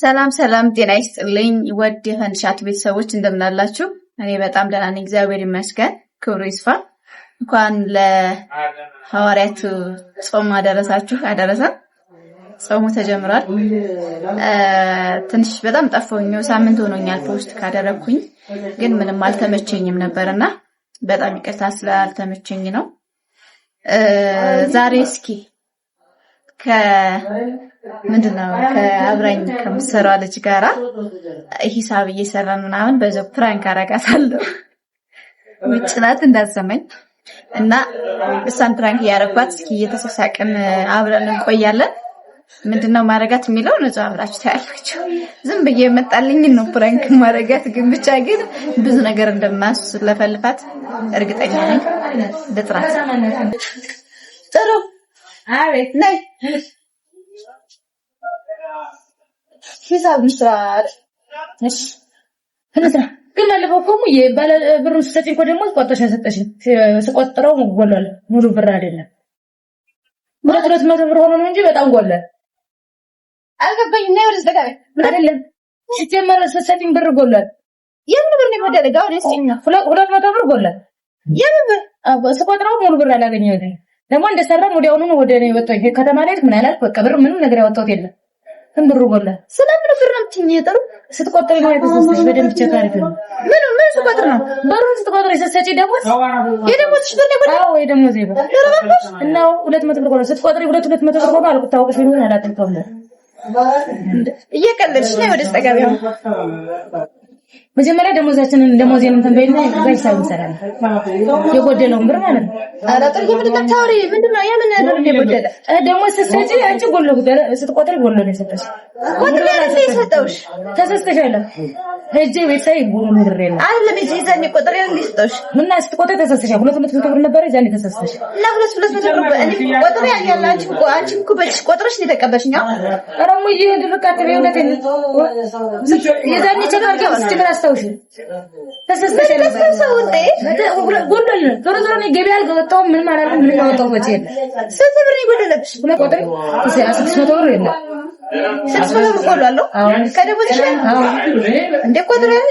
ሰላም ሰላም፣ ጤና ይስጥልኝ ወድ የፈንድሻት ቤተሰቦች እንደምናላችሁ። እኔ በጣም ደህና ነኝ፣ እግዚአብሔር ይመስገን፣ ክብሩ ይስፋ። እንኳን ለሐዋርያቱ ጾም አደረሳችሁ አደረሰ። ጾሙ ተጀምሯል። ትንሽ በጣም ጠፋሁኝ፣ ሳምንት ሆኖኛል ፖስት ካደረግኩኝ፣ ግን ምንም አልተመቸኝም ነበርና በጣም ይቅርታ ስላልተመቸኝ ነው። ዛሬ እስኪ ምንድነው ከአብራኝ ከምትሰራው ልጅ ጋራ ሂሳብ እየሰራን ምናምን በዚ ፕራንክ አረጋታለሁ። ውጭ ናት እንዳትሰማኝ እና እሷን ፕራንክ እያረኳት እስኪ እየተሳሳቅን አብረን እንቆያለን። ምንድነው ማረጋት የሚለው ነው አብራችሁ ታያላችሁ። ዝም ብዬ የመጣልኝ ነው ፕራንክ ማረጋት። ግን ብቻ ግን ብዙ ነገር እንደማስለፈልፋት እርግጠኛ ነኝ። ልጥራት ጥሩ አቤት ነይ። ሂሳብ እንስራ። ግን ባለፈው እኮ ሙዬ ብሩን እኮ ደግሞ ቆጥረሽ ያሰጠሽኝ ስቆጥረው ጎሏል። ሙሉ ብር አይደለም ሁለት ሁለት መቶ ብር ሆኖ ነው እንጂ በጣም ጎሏል። አልገባኝም። ነይ ወደ ዘጋ አይደለም ሲጀመር ስትሰጪኝ ብር ጎሏል። የምን ብር ነው የምትደረገው? ሁለት መቶ ብር ጎሏል። የምን ብር ስቆጥረው ሙሉ ብር አላገኘሁትም ደግሞ እንደሰራም ወዲያውኑ ነው ወደ እኔ ወጣው። ይሄ ከተማ ላይ ምን አላልክ? በቃ ብር ምንም ነገር ያወጣሁት የለም። ምን ብሩ ጎላ ስለምን ብር ነው ትኝ ጥሩ ስትቆጥሪ ነው የተሰሰሽ። በደንብ ቼክ ነው። ምን ምን ስትቆጥሪ ነው ብሩን ስትቆጥሪ ስትሰጪ ደሞዝ የደሞዝሽ ብር ነው። አዎ የደሞዝ ይበል እና ሁለት መቶ ብር ጎላ ስትቆጥሪ ሁለት ሁለት መቶ ብር ጎላ አልኩት። ታውቅሽ ምን እየቀለድሽ ነው ወደ ነው መጀመሪያ ደሞዛችንን ደሞዜን እንትን በይና እዛ እንሰራለን። የጎደለውን ብር ማለት ነው። ኧረ ጥሩ ነው ደሞዝ ስትሰጪ አንቺ ጎሎ ስትቆጥሪ ጎሎ ነው የሰጠሽ። ቆጥሪ ነው ሄጄ ቤተሰብ ጉሩ ምድር የለም አይደለም። ሄጄ እዛ የሚቆጠር ያን ግስጦሽ እና ስትቆጥር ተሳስተሻል። ሁለት መቶ ብር ነበር ዛን ተሳስተሽ እና ሁለት ሁለት መቶ ብር በእኔ ቆጥር ያን ያለ አንቺ እኮ አንቺ እኮ በልሽ ቆጥረሽ ነው የተቀበልሽ። ነው አረሙ ይሄ ድርቃት ነው ነው ተን የዛን ቸካር አስታውሽ ተሳስተሽ ተሳስተው ጎደል ዞሮ ዞሮ ነው ገበያ አልገወጣሁም። ምንም አላልኩም። ምንም አወጣሁ ስንት ብር ነው የጎደለብሽ? ሁለት ቆጥር አስር መቶ ብር የለም ስድስት ብር እኮ አለው ከደሞዝሽ ላይ እንደ ቆጥረሽ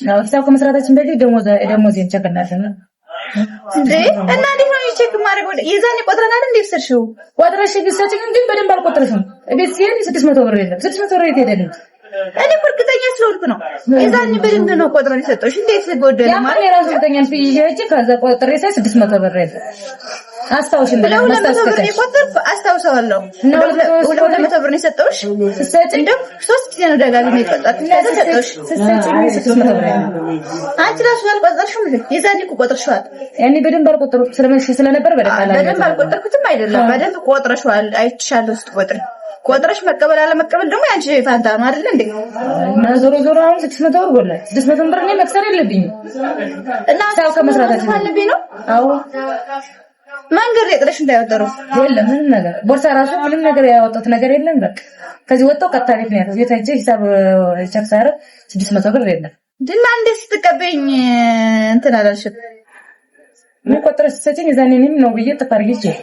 እንደ ከመስራታችን በፊት ደሞዝ ደሞዜን ቸክ እናደርጋለን እንዴ እና እንዴት ነው ቼክ ማድረግ? የዛኔ ቆጥረናል እንዴ ወሰድሽው? ቆጥረሽ ግን በደንብ አልቆጥረሽም። ቤት ሲሄድ ስድስት መቶ ብር የለም። ስድስት መቶ ብር የት ሄደ? እኔ እኮ እርግጠኛ ስለሆንኩ ነው። የዛን በደንብ ነው ቆጥረን የሰጠሁሽ። እንዴት ጎደለ ማለት ነው? የራሱ እርግጠኛ ከዛ ቆጥሬ ስድስት መቶ ብር አስታውሽልኝ። ሁለት መቶ ብር ነው የቆጠርኩ አስታውሰዋለሁ። ሁለት መቶ ብር ነው የሰጠሁሽ። እንደው ሶስት ጊዜ ነው ደጋግሜ ነው የቆጠርኩት። ከዛ አንቺ እራሱ አልቆጠርሽም። የዛን እኮ ቆጥርሽዋል። እኔ በደንብ አልቆጠርኩትም ስለነበር በደንብ አልቆጠርኩትም አይደለም። በደንብ ቆጥረሽዋል። አይቻለሁ ስትቆጥሪ ቆጥረሽ መቀበል አለመቀበል ደግሞ ያንቺ ፋንታ ነው አይደል እንዴ? እና ዞሮ ዞሮ አሁን 600 ብር ጎላ 600 ብር እኔ መክሰር የለብኝም እና ሳው ከመስራታችን አለብኝ ነው። አዎ መንገድ ላይ ጥለሽ እንዳይወጠረው የለም ምንም ነገር ቦርሳ ራሱ ምንም ነገር ያወጣሁት ነገር የለም። በቃ ከዚህ ወጣሁ ቀጥታ ቤት ነው ያለው። ቤት ሂጅ ሂሳብ ቼክ ሳደርግ 600 ብር የለም። ድና እንዴት ስትቀበይኝ እንትን አላልሽም? ምን ቆጥረሽ ስትሰጪኝ እዛ እኔንም ነው ብዬ ጥፍ አድርጌ ይችላል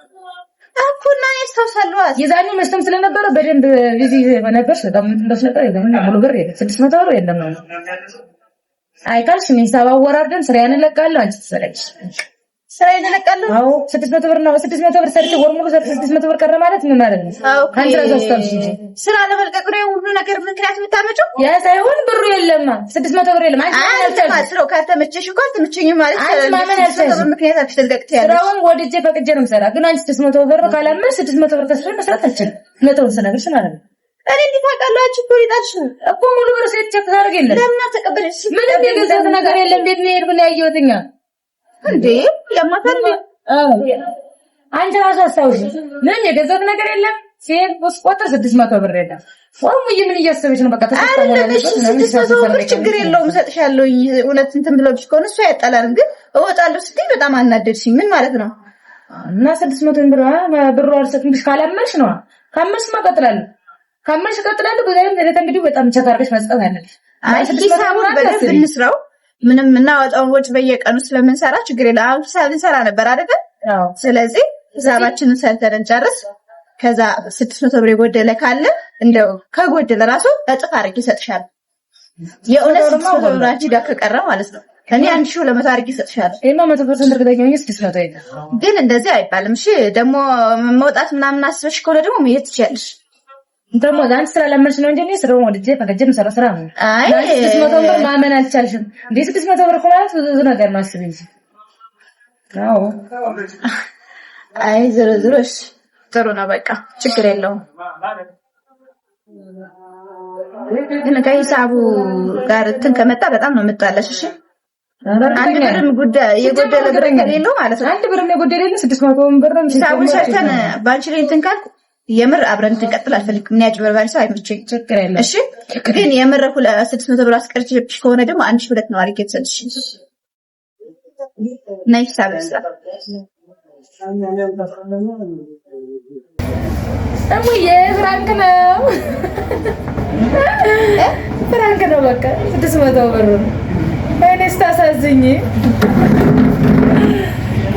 እኩና ያስታውሳሉ። የዛኔ መቼም ስለነበረ በደንብ ቢዚ ነበር። ስድስት መቶ ብር የለም ነው አይካልሽ። እኔ ሰባ ወራርደን ስራ ያንለቃለሁ አንቺ ትሰሪያለሽ ስራ የተነቀሉ አዎ፣ ስድስት መቶ ብር ነው። ስድስት መቶ ብር ሰርቼ ወር ሙሉ ሰርቼ ስድስት መቶ ብር ቀረ ማለት ምን ማለት ነው? ስራ ለመልቀቅ ነው ሁሉ ነገር ምክንያት የምታመጪው ያ ሳይሆን ብሩ የለማ፣ ስድስት መቶ ብር የለም። ስራው ካልተመቸሽ እኮ አልተመቸኝም ማለት ስራውን ወድጄ ፈቅጄ ነው የምሰራ። ግን አንቺ ስድስት መቶ ብር ካላመን ስድስት መቶ ብር ከስራ መስራት አልችልም። እውነቱን ስነግርሽ ማለት ነው። እኔ እንዴት ታውቃላችሁ? እኮ እኮ ሙሉ ብር ሴት ቸክ ታደርግ የለም። ለምን አልተቀበለሽ? ምንም የገዛት ነገር የለም። ቤት ነው የሄድኩት ነው ያየሁት እኛ እንዴ የማታልኝ አንቺ ራሱ አስታውሽ። ምን የገዛት ነገር የለም። ሴት ስቆጥር ስድስት መቶ ብር የለም። ፎርሙዬ ምን እያሰበች ነው? በቃ ችግር የለውም እሰጥሻለሁ። እውነት እንትን ከሆነ እሱ ያጠላል። ግን እወጣለሁ ስትይ በጣም አናደድሽኝ። ምን ማለት ነው? እና ስድስት መቶ ብር ብሩ አልሰጥም ብሽ ካላመንሽ ነው። ካመንሽማ እቀጥላለሁ፣ ካመንሽ እቀጥላለሁ። በጣም ቸካርገሽ መስጠት አለብሽ። አይ በደንብ እንስራው ምንም እናወጣውን ወጭ በየቀኑ ስለምንሰራ ችግር የለ። አሁን ሳንሰራ ነበር አይደለ? ስለዚህ ሂሳባችንን ሰርተን እንጨርስ። ከዛ ስድስት መቶ ብር የጎደለ ካለ እንደው ከጎደለ ራሱ እጥፍ አድርጌ ይሰጥሻል። የእውነት ስድስት መቶ ብር አንቺ ጋር ከቀረ ማለት ነው። እኔ አንድ ሺህ ሁለት መቶ አድርጌ ይሰጥሻል። ግን እንደዚህ አይባልም። እሺ ደግሞ መውጣት ምናምን አስበሽ ከሆነ ደግሞ መሄድ ትችያለሽ ደግሞ ስራ ስላለመድሽ ነው እንጂ ስራውን ወድጄ ፈቅጄ የምሰራው ስራ ነው። አይ ስድስት መቶ ብር ማመን አልቻልሽም። እንደ ስድስት መቶ ብር ማለት ብዙ ነገር እንጂ። አዎ አይ ዞሮ ዞሮ ጥሩ ነው። በቃ ችግር የለውም። ግን ከሂሳቡ ጋር እንትን ከመጣ በጣም ነው የምጣለሽ። እሺ አንድ ብርም ጉዳይ የጎደለ ብር ከሌለው ማለት ነው። አንድ ብርም የጎደለ የለም። ስድስት መቶ ብር ነው ሂሳቡን ሰርተን ላይ እንትን ካልኩ የምር አብረን እንቀጥል አልፈልግም። እኔ አጭበርባሪ ሰው አይመቸኝም። እሺ ግን የምር ስድስት መቶ ብር አስቀርቼብሽ ከሆነ ደግሞ አንድ ሺህ ሁለት ነው አድርጌ ትሰጥሽ። ናይ ሂሳብ ስራ እሙዬ ነው ፍራንክ ነው። በቃ ስድስት መቶ ብር እኔ ስታሳዝኝ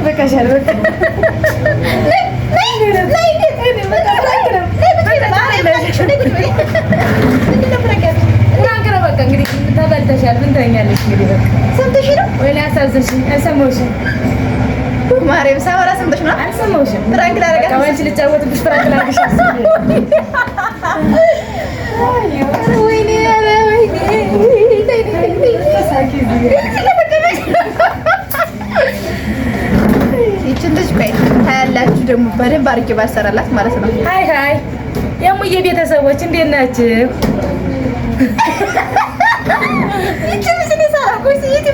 በቃ ሻል በቃ አልሰማሁሽም። አልሰማሁሽም። ማርያም ሳወራ ሰምተሽ ነው። አልሰማሁሽም። ፍራንክ ላደርጋት ከወንች ልጫወትብሽ ፍራንክ ላደርግሽ። ወይኔ ይችን ልጅ ቆይ ታያላችሁ። ደግሞ በደንብ አድርጌ ባሰራላት ማለት ነው። ሀይ ሀይ የሙዬ ቤተሰቦች እንዴት ናችሁ?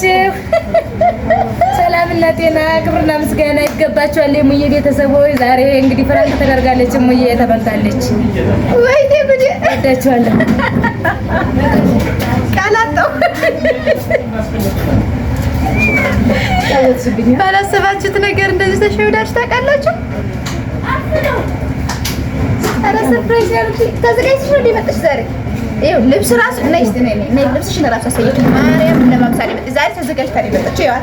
ናችሁ? ሰላምና ጤና ክብርና ምስጋና ይገባችኋል። ሙዬ ቤተሰቦች ዛሬ እንግዲህ ፍራንክ ተደርጋለች፣ ሙዬ ተበልታለች። ወይኔ ብዬ ወዳችኋለሁ። ቃላጣው ባላሰባችሁት ነገር እንደዚህ ተሸውዳችሁ ታውቃላችሁ? ኧረ ሰርፕራይዝ ያሉት ተዘጋጅተሽ ወደ መጣሽ ዛሬ ይኸው ልብስ ራሱ ነይ እስኪ ነይ ነይ ልብስሽን ራሱ አሳየችኝ። ማርያም ለማምሳሌ መጣች ዛሬ ተዘጋጅታ ነው የመጣችው። ይኸዋል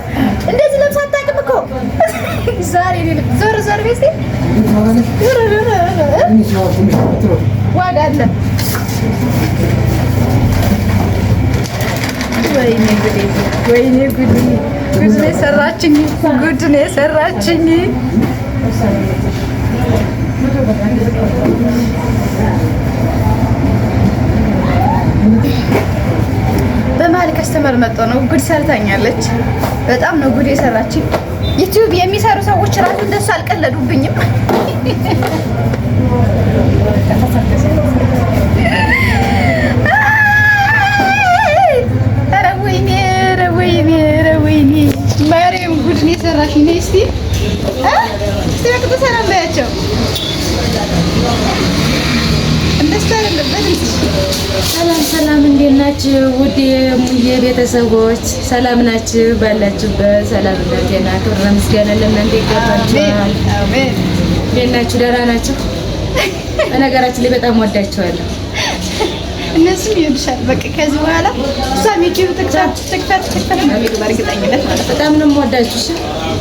እንደዚህ ልብስ አታውቅም እኮ ዛሬ ዞር ዞር ቤት ዋጋ አለ። ወይኔ ጉዴ ወይኔ ጉዴ ጉድ ነው የሰራችኝ፣ ጉድ ነው የሰራችኝ ዛሬ ከስተመር መጥቶ ነው ጉድ ሰርታኛለች። በጣም ነው ጉድ የሰራችኝ። ዩቲዩብ የሚሰሩ ሰዎች ራሱ እንደሱ አልቀለዱብኝም። ረወይኔ ረወይኔ ማርያም የሰራሽ ነ ሰላም በያቸው ሰላም ሰላም፣ እንዴት ናችሁ ውድ የሙዬ ቤተሰቦች? ሰላም ናችሁ? ባላችሁበት ሰላም እና ጤና ክብር ምስጋና ለእናንተ ይገባችኋል። እንዴት ናችሁ? ደህና ናችሁ? በነገራችን ላይ በጣም ወዳችኋለሁ። እነሱም ይወድሻል። በቃ ከዚህ በኋላ እሷም ዩቲዩብ ትክፈት ትክፈት ነው በእርግጠኝነት ማለት በጣም ነው የምወዳችሁ።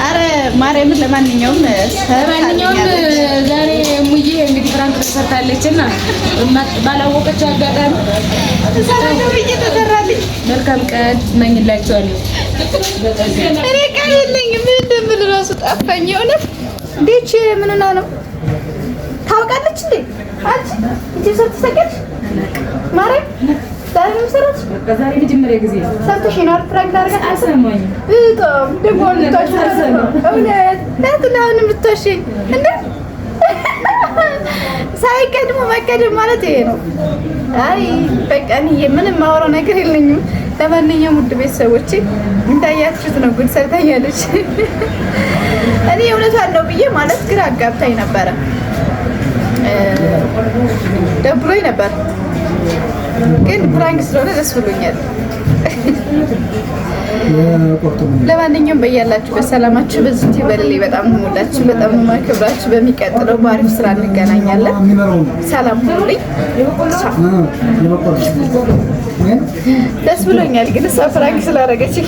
ኧረ ማርያምን ለማንኛውም ለማንኛውም ዛሬ ሙዬ ትናንት ተሰርታለች እና ባላወቀችው አጋጣሚ መልካም ቀን እመኝላቸዋለሁ። እኔ ቃል የለኝም፣ ምን እንደምል እራሱ ጠፋኝ። የእውነት ቤች ምን ሆና ነው ታውቃለች እንዴ? አንቺ እጅ ሰርት ሰቀች ማርያም ዛሬ ነው የምትሰራው? መጀመሪያ ጊዜ ሰርተሽ ነው አይደል? ፕራንክ አሰማኝ አልሰማኝም። ደግሞ ልታሽ ነው እውነት ናት። እንዴ ሳይቀድሙ መቀደም ማለት ይሄ ነው። አይ በቃ ምንም ማወራው ነገር የለኝም። ለማንኛውም ውድ ቤተሰቦች እንዳያችሁት ነው ጉድ ሰርታኛለች። እኔ እውነቷን ነው ብዬ ማለት ግራ አጋብታኝ ነበረ፣ ደብሮኝ ነበር ግን ፕራንክ ስለሆነ ደስ ብሎኛል። ለማንኛውም በያላችሁ በሰላማችሁ በዚህ በሌሌ በጣም ሞላችሁ በጣም ማክብራችሁ፣ በሚቀጥለው በአሪፍ ስራ እንገናኛለን። ሰላም ሁኑልኝ። ደስ ብሎኛል ግን እሷ ፍራንክ ስላረገች?